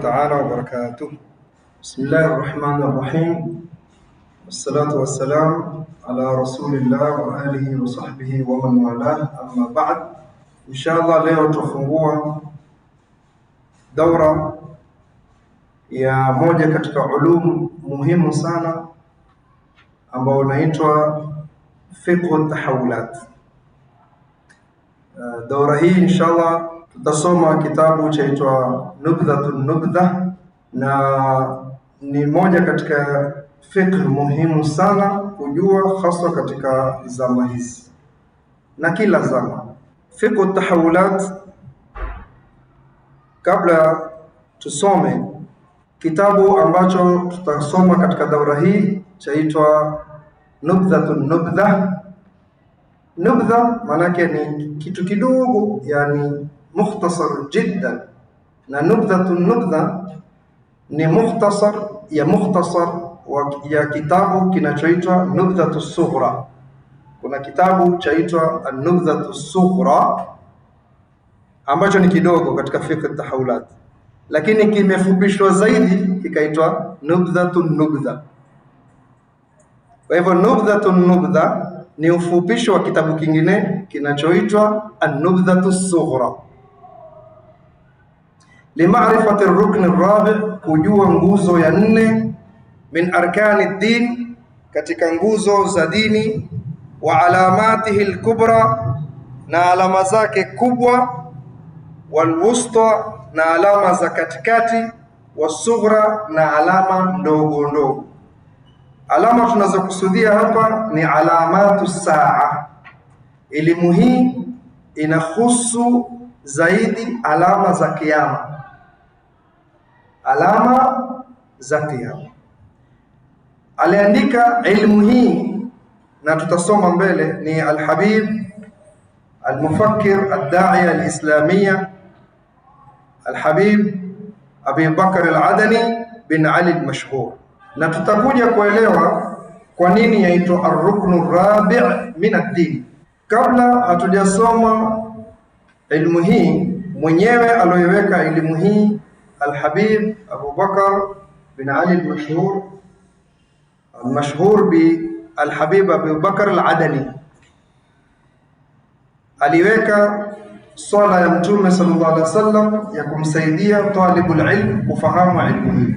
تعالى وبركاته بسم الله الرحمن الرحيم والصلاة والسلام على رسول الله وآله وصحبه ومن والاه أما بعد إن شاء الله اليوم تفوقوا دورة يا موجة كتك علوم مهم سانا أما ونأيتوا فقه التحولات دورة هي إن شاء الله Tutasoma kitabu chaitwa Nubdhatun Nubdha, na ni moja katika fikhi muhimu sana kujua, haswa katika zama hizi na kila zama. Fikhu tahawulat. Kabla tusome kitabu ambacho tutasoma katika daura hii chaitwa Nubdhatun Nubdha. Nubdha maanake ni kitu kidogo, yani mukhtasar jiddan na nubdhatu nubdha ni mukhtasar ya mukhtasar ya kitabu kinachoitwa nubdhatu sughra. Kuna kitabu chaitwa an-nubdhatu sughra ambacho ni kidogo katika fiqh tahawulat, lakini kimefupishwa zaidi kikaitwa nubdhatu nubdha. Kwa hivyo nubdhatu nubdha ni ufupisho wa kitabu kingine kinachoitwa an-nubdhatu sughra limarifati rukni rabi, kujua nguzo ya nne min arkani din, katika nguzo za dini wa alamatihi lkubra, na alama zake kubwa, walwusta, na alama za katikati, wasughra, na alama ndogo ndogo. Alama tunazokusudia hapa ni alamatu saa. Elimu hii inahusu zaidi alama za kiyama alama za Kiyama. Aliandika ilmu hii na tutasoma mbele ni Alhabib Almufakkir Aldaiya Alislamiya Alhabib Abi Bakar Aladani bin Ali Almashhur, na tutakuja kuelewa kwa nini yaitwa arruknu rabi' min ad-din. Kabla hatujasoma ilmu hii, mwenyewe aloiweka elimu hii الحبيب أبو بكر بن علي المشهور المشهور بالحبيب أبو بكر العدني aliweka swala ya Mtume sallallahu alaihi wasallam ya kumsaidia talibul ilm kufahamu ilmu hii.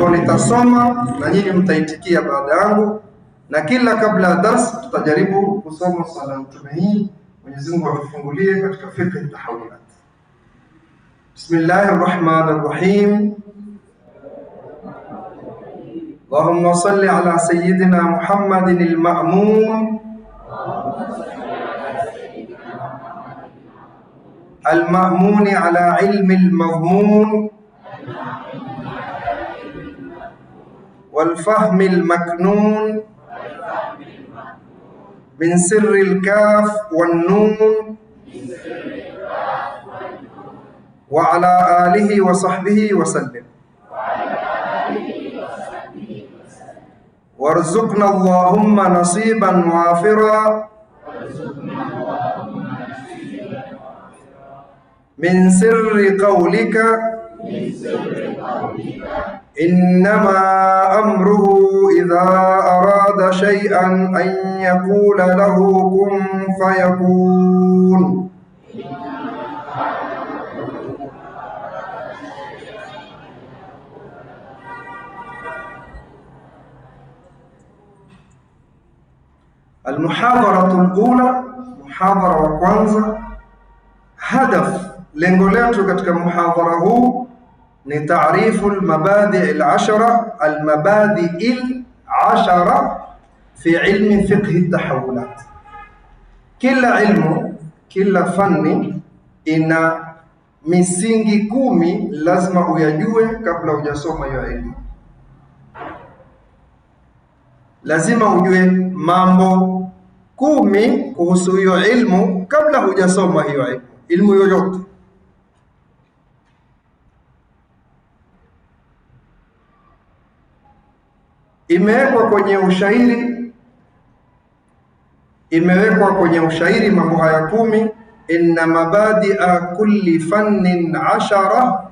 Kwa nitasoma na nyinyi mtaitikia baada yangu, na kila kabla ya darasa tutajaribu kusoma swala ya Mtume hii. Mwenyezi Mungu atufungulie katika fikhi tahawulat. بسم الله الرحمن الرحيم اللهم صل على سيدنا محمد المأمون المأمون على علم المضمون والفهم المكنون من سر الكاف والنون وعلى آله وصحبه وسلم وارزقنا اللهم نصيبا وافرا من سر قولك إنما أمره إذا أراد شيئا أن يقول له كن فيكون Almuhadharatu lula, muhadhara wa kwanza. Hadaf, lengo letu katika muhadhara huu ni taarifu lmabadii lashara, almabadii lashara fi ilmi fiqhi tahawulat. Kila ilmu, kila fanni ina misingi kumi, lazima uyajue kabla hujasoma hiyo ilmu. Lazima ujue mambo kumi kuhusu hiyo ilmu kabla hujasoma hiyo ilmu, yoyote. Imewekwa kwenye ushairi, imewekwa kwenye ushairi mambo haya kumi: inna mabadia kulli fannin ashara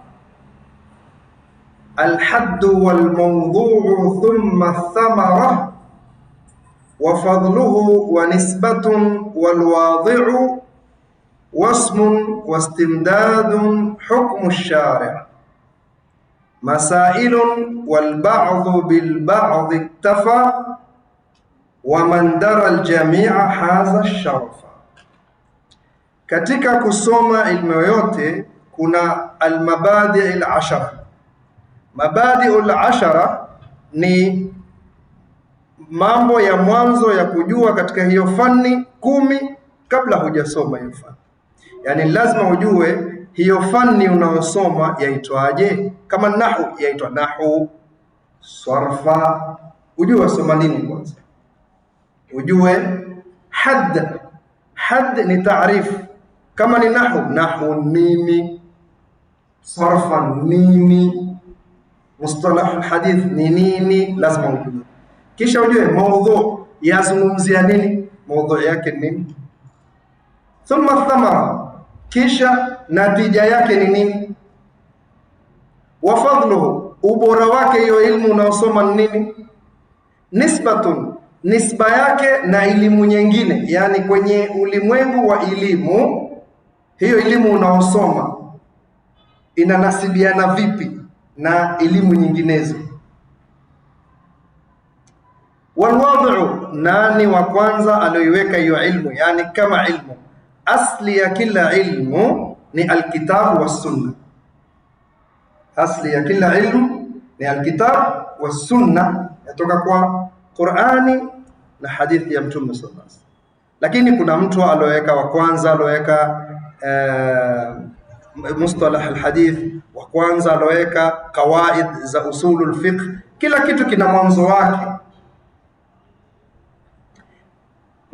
alhaddu walmawdhuu thumma thamara وفضله ونسبة والواضع واسم واستمداد حكم الشارع مسائل والبعض بالبعض اكتفى ومن درى الجميع حاز الشرف katika kusoma ilmu كنا kuna almabadi alashara mabadi alashara ni mambo ya mwanzo ya kujua katika hiyo fani kumi kabla hujasoma hiyo fani. Yaani lazima ujue hiyo fani unaosoma yaitwaje. Kama nahu yaitwa nahu, swarfa, ujue wasoma nini kwanza, ujue hadd. Hadd ni taarifu, kama ni nahu, nahu nini, swarfa nini, mustalahu hadith ni nini, lazima ujue kisha ujue maudhu yazungumzia nini, maudhu yake nini. Thumma thamara, kisha natija yake ni nini. Wa ubora wake hiyo ilmu unaosoma ni nini. Nisbatun, nisba yake na elimu nyingine, yaani kwenye ulimwengu wa elimu, hiyo elimu unaosoma inanasibiana vipi na elimu nyinginezo. Walwadhu, nani wa kwanza aliyoiweka hiyo ilmu, yani kama ilmu asli ya kila ilmu ni alkitabu wa sunna. Asli ya kila ilmu ni alkitabu wa sunna, yatoka kwa Qurani na hadithi ya Mtume sallallahu alaihi wasallam. Lakini kuna mtu aliyoweka wa kwanza aliyoweka uh, mustalah alhadith wa kwanza aliyoweka kawaid za usulul fiqh, kila kitu kina mwanzo wake.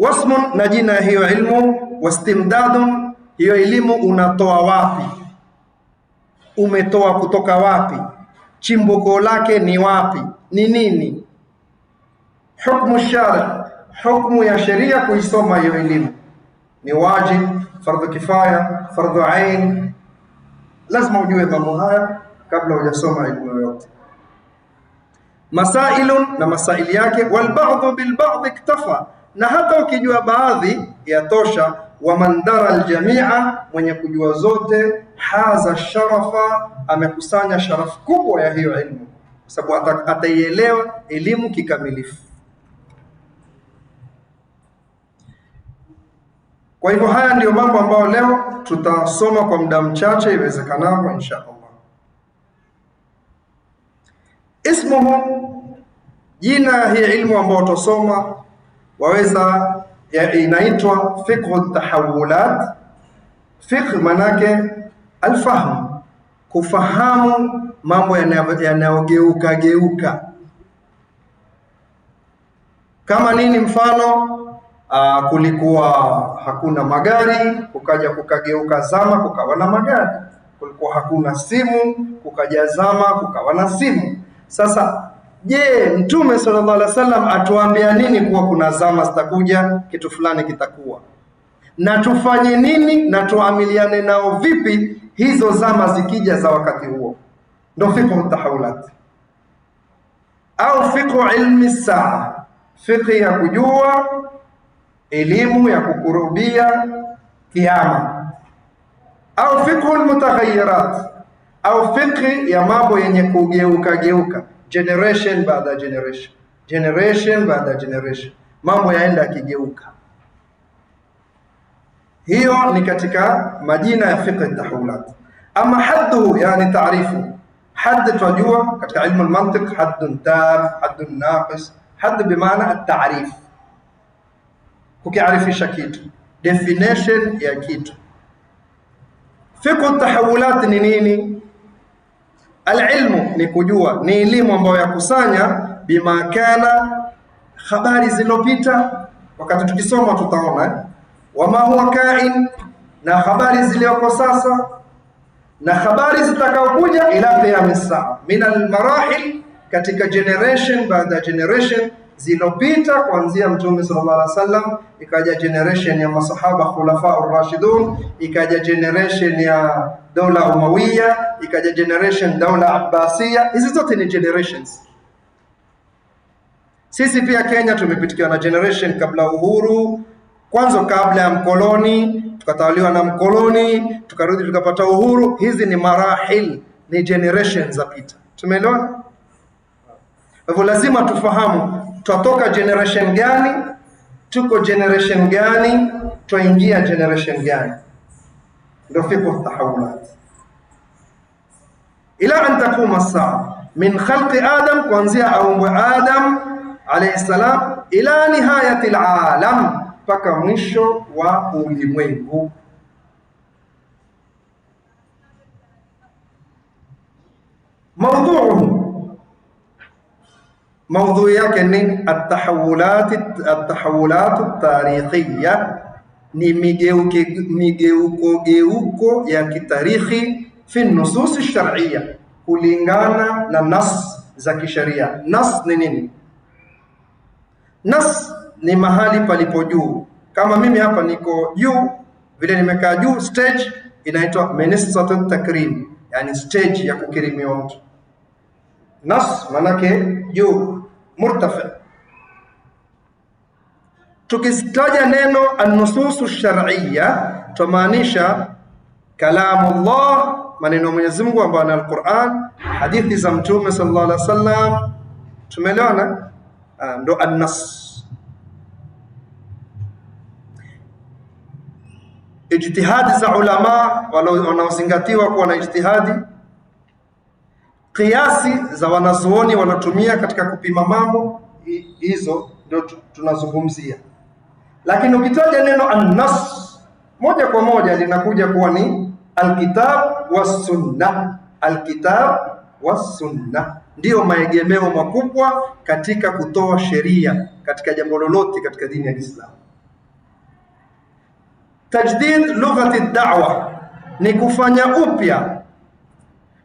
Wasmun na jina hiyo ilmu, wastimdadun hiyo elimu unatoa wapi? Umetoa kutoka wapi? Chimbuko lake ni wapi? Ni nini? Hukmu shari, hukmu ya sheria kuisoma hiyo elimu ni wajib, fardhu kifaya, fardhu ain. Lazima ujue mambo haya kabla hujasoma elimu yoyote. Masailun na masaili yake, walbadhu bilbadhi iktafa na hata ukijua baadhi ya tosha wa mandara aljamia, mwenye kujua zote. Haza sharafa, amekusanya sharafu kubwa ya hiyo ilmu, kwa sababu ataielewa elimu kikamilifu. Kwa hivyo haya ndiyo mambo ambayo leo tutasoma kwa muda mchache iwezekanavyo, insha Allah. Ismuhu, jina ya hii ilmu ambayo utasoma waweza ya inaitwa fiqhu tahawulat. Fiqh manake alfahamu, kufahamu mambo yanayogeuka geuka kama nini? Mfano aa, kulikuwa hakuna magari, kukaja kukageuka zama, kukawa na magari. Kulikuwa hakuna simu, kukaja zama, kukawa na simu. Sasa Je, Mtume sallallahu alaihi wasallam atuambia nini kuwa kuna zama zitakuja, kitu fulani kitakuwa, na tufanye nini na tuamiliane nao vipi hizo zama zikija za wakati huo? Ndo fiqhu tahawulat au fiqhu ilmi saa, fiqhi ya kujua elimu ya kukurubia kiama, au fiqhu almutaghayyirat au fiqhi ya mambo yenye kugeuka geuka generation baada generation, generation baada generation, mambo yaenda yakigeuka. Hiyo ni katika majina ya fiqh tahawulat. Ama hadduhu, yani taarifu hadd, tunajua katika ilmu almantiq, haddun tam, haddun naqis. Hadd bimaana at-ta'rif, kukiarifisha kitu, definition ya kitu. Fiqh tahawulat ni nini? Alilmu ni kujua, ni elimu ambayo yakusanya bima kana habari zilizopita. Wakati tukisoma tutaona eh, wama huwa kain, na habari ziliyoko sasa na habari zitakaokuja, ila qiyam min almarahil, katika generation baada ya generation zilopita kuanzia Mtume sallallahu alaihi wasallam, ikaja generation ya masahaba khulafa rashidun ikaja generation ya dola Umawiya, ikaja generation dola Abbasia. Hizi zote ni generations. Sisi pia Kenya tumepitikiwa na generation kabla uhuru, kwanza kabla ya mkoloni, tukatawaliwa na mkoloni, tukarudi tukapata uhuru. Hizi ni marahil, ni generations zapita. tumeelewa hivyo lazima tufahamu twatoka generation gani, tuko generation gani, twaingia generation gani. Ndio fiqh tahawulat ila an takuma saa min khalqi Adam, kuanzia aumbwe Adam alayhi salam, ila nihayati alalam, mpaka mwisho wa ulimwengu. Maudhuuhu موضوع yake ni atahawulati atahawulatu tarikhiya, ni migeukogeuko ya kitarikhi fi nususi shar'iyya, kulingana na nas za kisharia Nas ni nini? Nas ni mahali palipo juu. Kama mimi hapa niko juu vile, nimekaa juu, stage inaitwa ministrat takrim, yani stage ya kukirimiwa mtu. Nas manake juu murtafi. Tukistaja neno anususu shar'iyya twamaanisha Allah, maneno ya Mwenyezi Mungu ambayo ni Alquran, hadithi za Mtume sallallahu alaihi wasallam. Tumeliona ah, Ndo annas ijtihadi za ulama wanaozingatiwa kuwa na ijtihadi Kiasi za wanazuoni wanatumia katika kupima mambo hizo ndio tunazungumzia, lakini ukitaja neno annas moja kwa moja linakuja kuwa ni alkitab wa sunna. Alkitab wa sunna ndiyo maegemeo makubwa katika kutoa sheria katika jambo lolote katika dini ya Kiislamu. Tajdid lughati da'wa ni kufanya upya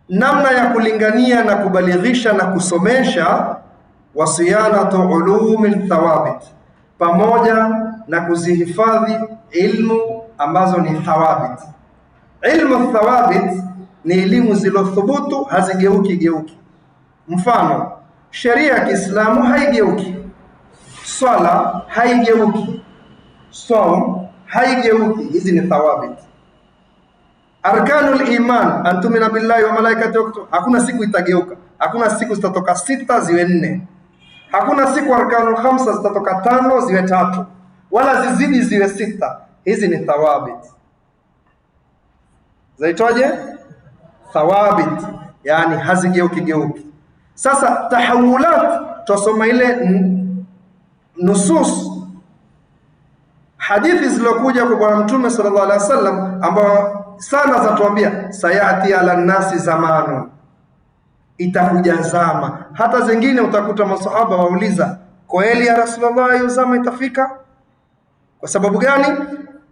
namna ya kulingania na kubalighisha na kusomesha wasiyanatu ulumi thawabit, pamoja na kuzihifadhi ilmu ambazo ni thawabit. Ilmu thawabit ni elimu zilothubutu, hazigeuki geuki. Mfano, sheria ya Kiislamu haigeuki, swala haigeuki, som haigeuki. Hizi ni thawabit. Arkanul iman antumina billahi wa malaikati waktu. Hakuna siku itageuka, hakuna siku zitatoka sita ziwe nne, hakuna siku arkanul khamsa zitatoka tano ziwe tatu, wala zizidi ziwe sita. Hizi ni thawabit, zaitwaje? Thawabit, yani hazigeuki geuki. Sasa tahawulat, twasoma ile nusus hadithi zilizokuja kwa Bwana Mtume sallallahu alaihi wasallam ambao sana zatuambia sayati ala nasi zamanu, itakuja zama. Hata zingine utakuta masahaba wauliza kweli ya Rasulullah, hiyo zama itafika? Kwa sababu gani?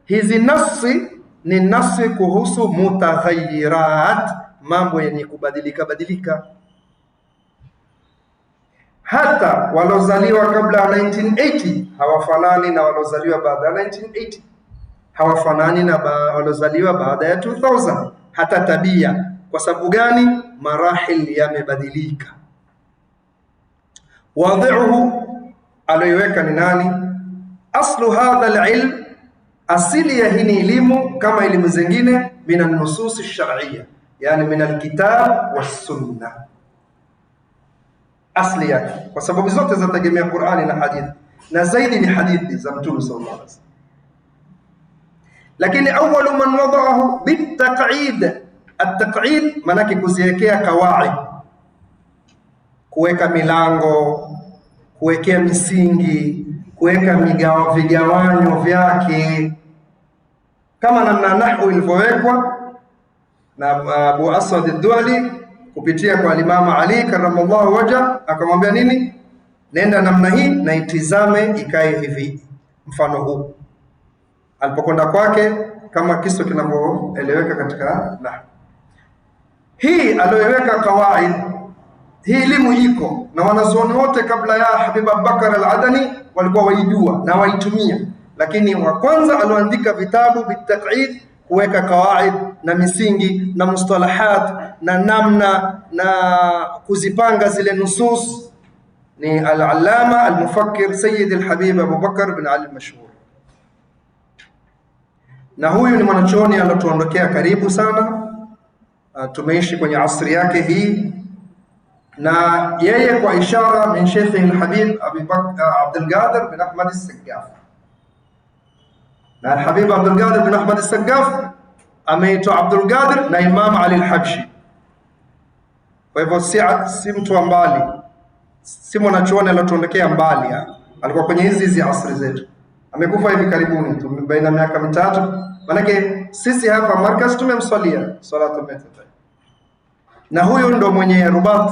Hizi nasi ni nasi kuhusu mutaghayyirat, mambo yenye kubadilika badilika hata walozaliwa kabla ya 1980 hawafanani na walozaliwa baada ya 1980, hawafanani na walozaliwa baada ya 2000, hata tabia. Kwa sababu gani? Marahil yamebadilika. Wadhiuhu aliyoiweka ni nani? Aslu hadha alilm, asili ya hii elimu kama elimu zingine, min alnusus shariyya yani min alkitab wassunna asli yake, kwa sababu zote zinategemea Qur'ani na hadithi, na zaidi ni hadithi za Mtume sallallahu alaihi wasallam. Lakini awwalu man wada'ahu bitaq'id, at-taq'id maanake kuziwekea kawaid, kuweka milango, kuwekea misingi, kuweka migawa, vigawanyo vyake kama namna nahwu ilivyowekwa na Abu Aswad ad-Duali kupitia kwa Alimama Ali karamallahu waja, akamwambia nini? Nenda namna hii na itizame ikae hivi, mfano huu. Alipokwenda kwake, kama kiso kinavyoeleweka katika nah. Hii alioiweka kawaid, hii elimu iko na wanazuoni wote kabla ya Habib Abubakar al-Adani walikuwa waijua na waitumia, lakini wa kwanza alioandika vitabu bitaqid kuweka kawaid na misingi na mustalahat na namna na kuzipanga zile nusus ni al-allama al-mufakkir Sayyid al-Habib Abu bin Ali al-Mashhur. Na huyu ni mwanachuoni alotuondokea karibu sana. Ah, tumeishi kwenye asri yake hii na yeye kwa ishara min Sheikh al-Habib ah, Abdul Qadir bin Ahmad al-Saqqafi na Al-Habib Abdul Qadir bin Ahmad as ameitwa Abdul Qadir na Imam Ali Al-Habshi. Kwa hivyo si, si mtu wa mbali, si mwanachuoni aliotuondokea mbali ya. Alikuwa kwenye hizi hizi asri zetu, amekufa hivi karibuni tu baina miaka mitatu. Manake sisi hapa Markaz tumemswalia salatu, na huyu ndo mwenye rubat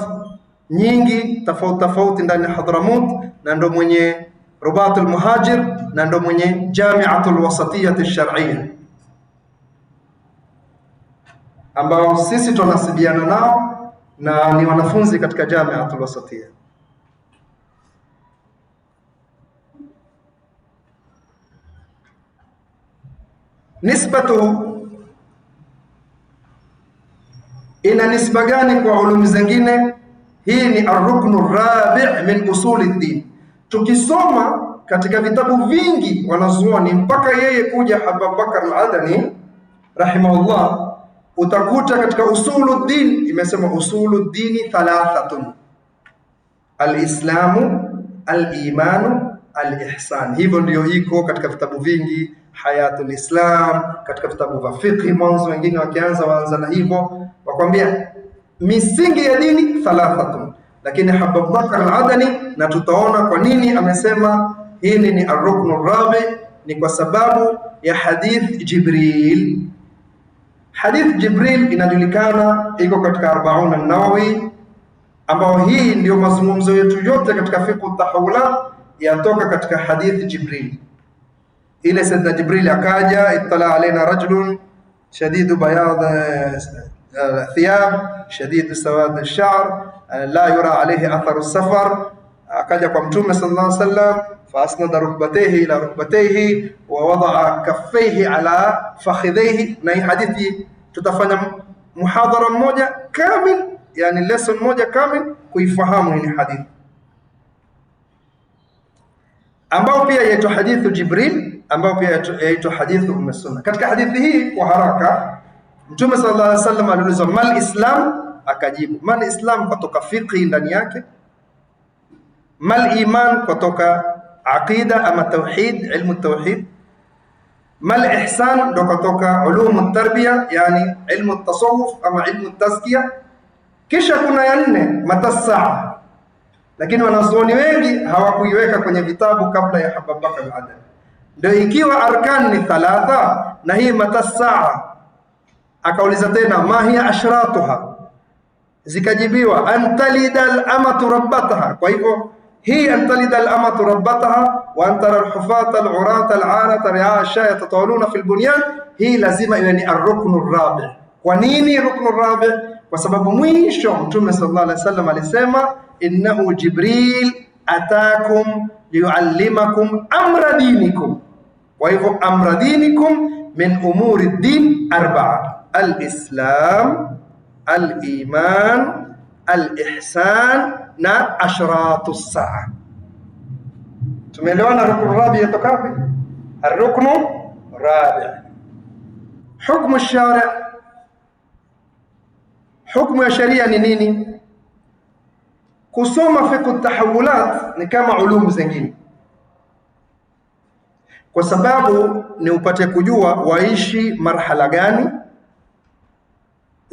nyingi tofauti tofauti ndani ya Hadramut na ndo mwenye Rubatul Muhajir na ndo mwenye Jamiatul Wasatiyati Shar'iyya ambao sisi tunasibiana nao na ni wanafunzi katika Jamiatul Wasatiyya. Nisbatu ina nisba gani kwa ulumi zingine? Hii ni arruknu rabi' min usuli dini Tukisoma katika vitabu vingi wanazuoni, mpaka yeye kuja Abubakar al-Adani rahimahullah, utakuta katika usuluddin imesema usuluddini thalathatun alislamu alimanu alihsan. Hivyo ndiyo iko katika vitabu vingi, hayatul islam katika vitabu vya fiqh mwanzo, wengine wakianza waanza na hivyo, wakwambia misingi ya dini thalathatun lakini Abubakar al-Adani, na tutaona kwa nini amesema hili ni arruknu rabi, ni kwa sababu ya hadith Jibril. Hadith Jibril inajulikana iko katika Arbaun an-Nawawi, ambao hii ndio mazungumzo yetu yote katika fiqh tahawula yatoka katika hadith Jibril. Ile Sayyidna Jibril akaja, itala alaina rajulun shadidu bayad eh, thiyab shadidu sawad ash-sha'r Eh, la yura alayhi atharu safar. Eh, akaja kwa Mtume sallallahu alaihi wasallam, fa asnada rukbatayhi ila rukbatayhi wa wadaa kaffayhi ala fakhidhayhi. Na hii hadithi tutafanya muhadhara mmoja kamil, yani lesson moja kamil kuifahamu hii hadithi, ambao pia yaitwa hadithu Jibril, ambao pia yaitwa hadithu Umm Sunna. Katika hadithi hii kwa haraka, Mtume sallallahu alaihi wasallam aliulizwa mal islam Akajibu mal islam, kwatoka fiqhi ndani yake, mal iman, kwatoka aqida ama tauhid, ilmu tauhid, mal ihsan, ndo kwatoka ulumu tarbia yani ilmu tasawuf ama ilmu tazkia Kisha kuna ya nne matasaa, lakini wanazuoni wengi hawakuiweka kwenye vitabu kabla ya Abubakar al-Adawi. Ndio ikiwa arkan ni thalatha, na hii matasaa. Akauliza tena ma hiya ashratuha zikajibiwa antalida alamatu rabbataha. Kwa hivyo hii antalida alamatu rabbataha wa antara alhufata alurata alanata riasha yatatawaluna fil bunyan, hii lazima iwe ni arruknu rabi. Kwa nini ruknu rabi? Kwa sababu mwisho Mtume sallallahu alaihi wasallam alisema innahu Jibril atakum liyuallimakum amra dinikum. Kwa hivyo amra dinikum min umuri din arbaa: alislam al-iman, al-ihsan na ashratu saa. Tumeelewana ruknu rabi yatoka Arruknu rabi. Hukmu shari, hukmu ya sharia ni nini? Kusoma fiqh tahawulat ni kama ulumu zingine, kwa sababu ni upate kujua waishi marhala gani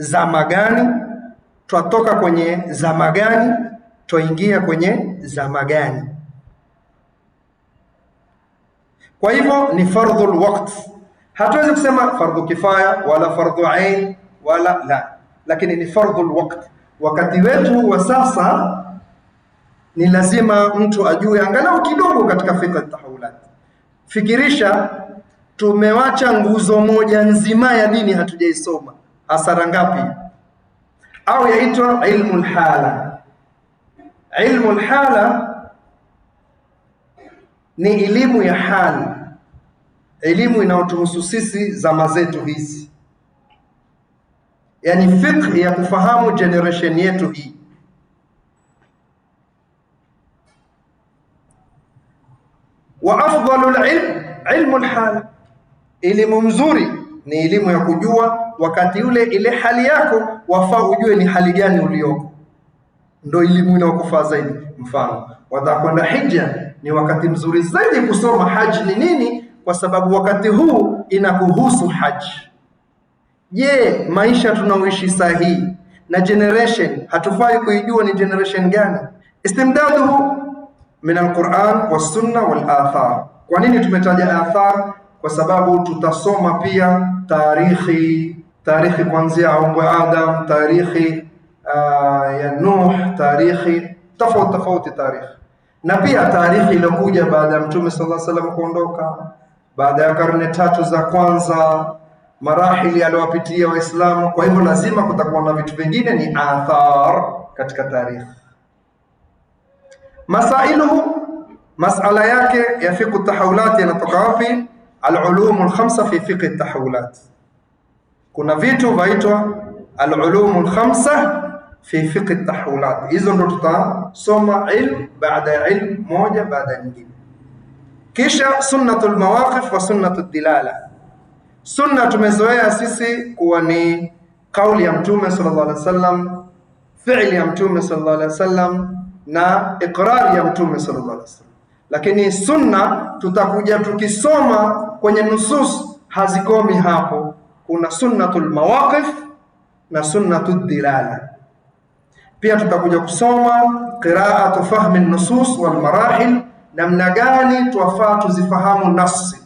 zama gani, twatoka kwenye zama gani, twaingia kwenye zama gani. Kwa hivyo ni fardhul waqt. Hatuwezi kusema fardhu kifaya wala fardhu ain wala la, lakini ni fardhul waqt. Wakati wetu wa sasa ni lazima mtu ajue angalau kidogo katika fiqh tahawulat. Fikirisha tumewacha nguzo moja nzima ya dini hatujaisoma hasara ngapi? Au yaitwa ilmu lhala. Ilmu lhala ni elimu ya hali, elimu inayotuhusu sisi zama zetu hizi, yani fiqh ya kufahamu generation yetu hii. Wa afdalu ilm ilmu lhala, elimu mzuri ni elimu ya kujua wakati ule ile hali yako wafaa ujue ni hali gani ulioko, ndio elimu inayokufaa zaidi. Mfano, kwenda hija, ni wakati mzuri zaidi kusoma haji ni nini, kwa sababu wakati huu inakuhusu haji. Je, maisha tunaoishi sahihi na generation hatufai kuijua ni generation gani? Istimdaduhu min alquran wassunna walathar. Kwa nini tumetaja athar? Kwa sababu tutasoma pia tarikhi tarikhi kuanzia aumbwe Adam, tarikhi uh, ah, ya Nuh, tarikhi tofauti tofauti tarikhi, na pia tarikhi iliyokuja baada ya mtume sallallahu alaihi wasallam kuondoka, baada ya karne tatu za kwanza, marahili aliyowapitia Waislamu. Kwa hivyo lazima kutakuwa na vitu vingine, ni athar katika tarikhi. Masailuhu, masala yake ya fiqh tahawulat yanatoka wapi? Alulumu lkhamsa fi fiqh tahawulat kuna vitu vaitwa al-ulum al-khamsa fi fiqh at-tahwilat. Hizo ndo tutasoma ilmu baada ya ilmu moja baada ya nyingine, kisha sunnatul mawaqif wa sunnatud dilala. Sunna tumezoea sisi kuwa ni kauli ya Mtume sallallahu alaihi wasallam, fi'li ya Mtume sallallahu alaihi wasallam na iqrari ya Mtume sallallahu alaihi wasallam, lakini sunna tutakuja tukisoma kwenye nusus hazikomi hapo kuna sunnatul mawaqif na sunnatud dilala. Pia tutakuja kusoma qiraatu fahmi nusus wal marahil, namna gani twafaa tuzifahamu nasi,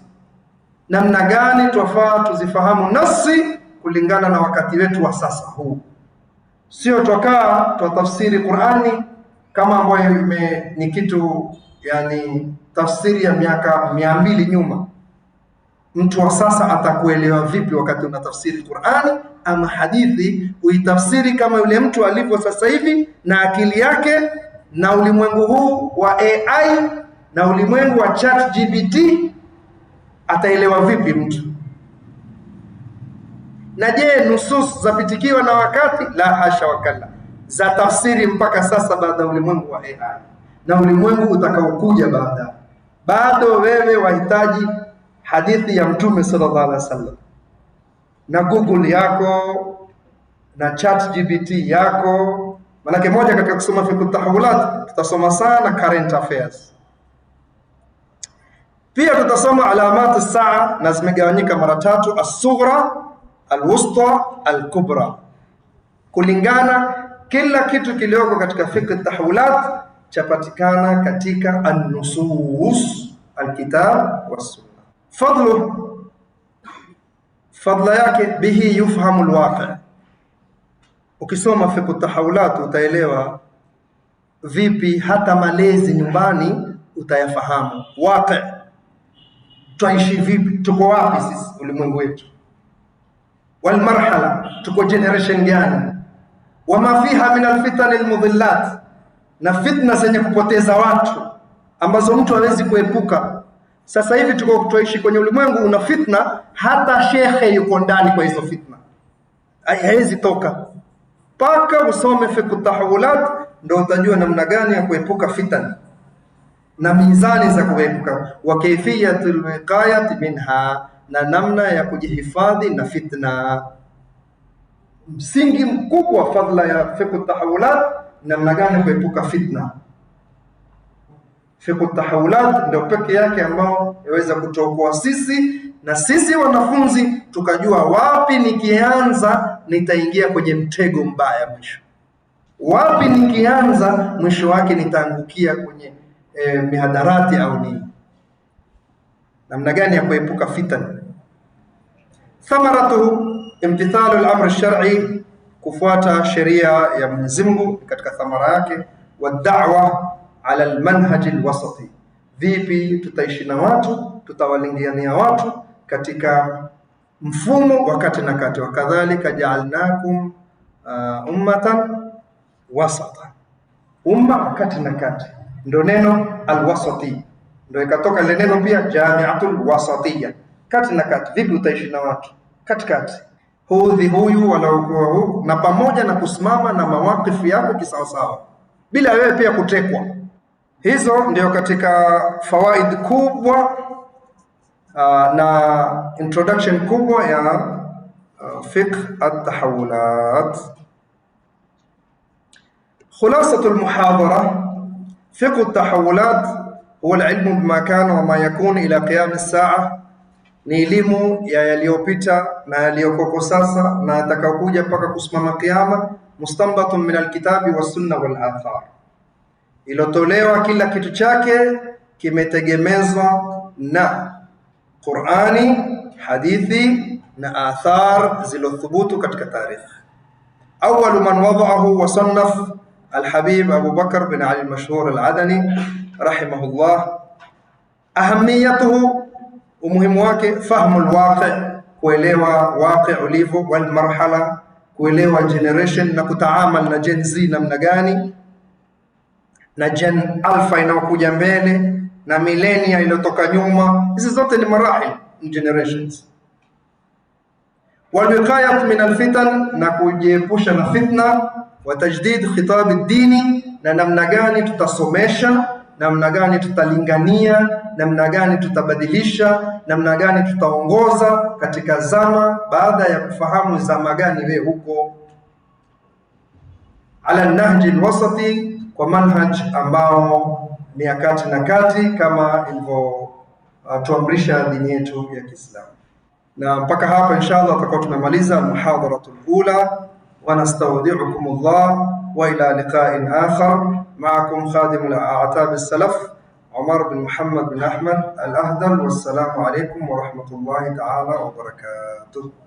namna gani twafaa tuzifahamu nasi kulingana na wakati wetu wa sasa huu, sio twakaa twatafsiri Qur'ani kama ambayo ni kitu yani tafsiri ya miaka mia mbili nyuma Mtu wa sasa atakuelewa vipi wakati unatafsiri Qur'ani ama hadithi, uitafsiri kama yule mtu alivyo sasa hivi na akili yake na ulimwengu huu wa AI na ulimwengu wa chat GPT, ataelewa vipi mtu? Na je, nusus zapitikiwa na wakati? La hasha wakala, za tafsiri mpaka sasa, baada ya ulimwengu wa AI na ulimwengu utakaokuja baada, bado wewe wahitaji hadithi ya Mtume sallallahu alaihi wasallam na Google yako na chat GPT yako, manake moja katika kusoma fiqh tahawulat tutasoma sana current affairs, pia tutasoma alamat saa, na zimegawanyika mara tatu: as alwusta, alkubra, kulingana kila kitu kilioko katika fiqh tahawulat chapatikana katika an-nusus al fadlu fadla yake bihi yufhamu lwaqi. Ukisoma fiqhu tahawulat utaelewa vipi hata malezi nyumbani utayafahamu waqi, twaishi vipi, tuko wapi sisi ulimwengu wetu, walmarhala tuko generation gani, wama fiha min alfitani lmudhillat, na fitna zenye kupoteza watu ambazo mtu hawezi kuepuka sasa hivi tuko tuishi kwenye ulimwengu una fitna, hata shekhe yuko ndani kwa hizo fitna, haiwezi toka mpaka usome fiqh tahawulat, ndio utajua namna gani ya kuepuka fitna na mizani za kuepuka, wa kaifiyatul wiqayat minha, na namna ya kujihifadhi na fitna. Msingi mkubwa fadhila ya fiqh tahawulat, namna gani ya kuepuka fitna fiku tahawulat ndio peke yake ambao yaweza kutuokoa sisi na sisi wanafunzi tukajua wapi nikianza nitaingia kwenye mtego mbaya mwisho, wapi nikianza mwisho wake nitaangukia kwenye e, mihadarati au nini, namna gani ya kuepuka fitna. Thamaratu imtithalu al-amr shari kufuata sheria ya Mwenyezi Mungu katika thamara yake, wa da'wa ala almanhaji alwasati, vipi tutaishi na watu, tutawalingiania watu katika mfumo wa kati na kati. Wakadhalika jaalnakum uh, ummatan wasata, umma kati na kati, ndo neno alwasati, ndo ikatoka ile neno pia jamiatul wasatiya, kati na kati. Vipi utaishi na watu katikati hudhi huyu wanaokuwa huku na pamoja na kusimama na mawakifu yako kisawasawa, bila wewe pia kutekwa Hizo ndio katika fawaid kubwa uh, na introduction kubwa ya uh, fiqh at-tahawulat. Khulasatu al-muhadara fiqh at-tahawulat huwa al-ilmu bima kana wa ma yakun ila qiyam as-sa'a, ni elimu ya yaliyopita na yaliyokoko sasa na atakayokuja mpaka kusimama kiyama. Mustanbatun min al-kitabi was-sunna wal-athar ilotolewa kila kitu chake kimetegemezwa na Qur'ani, hadithi na athar zilothubutu katika tarikh. Awalu man wadaahu wa sannaf Alhabib Abubakar bin Ali Mashhur Aladani rahimahullah. Ahamiyatuhu, umuhimu wake, fahmu alwaqi, kuelewa waqi ulivyo, wal marhala, kuelewa generation na kutaamal na Gen Z namna gani na Gen Alpha inayokuja mbele na milenia iliyotoka nyuma. Hizi zote ni marahil generations. Walwiqayat min alfitan, na kujiepusha na fitna. Watajdid khitab dini, na namna gani tutasomesha, namna gani tutalingania, namna gani tutabadilisha, namna gani tutaongoza katika zama, baada ya kufahamu zama gani wewe huko ala nahji alwasati kwa manhaj ambao ni ya kati na kati kama ilivyotuamrisha uh, dini yetu ya Kiislamu. Na mpaka hapa inshallah tutakuwa tunamaliza muhadharatul ula, wa nastaudiukum llah wa ila liqa'in akhar. Ma'akum khadimu al-a'tab as-salaf Umar bin Muhammad bin Ahmad al-Ahdal. Wassalamu alaykum wa rahmatullahi ta'ala wa barakatuh.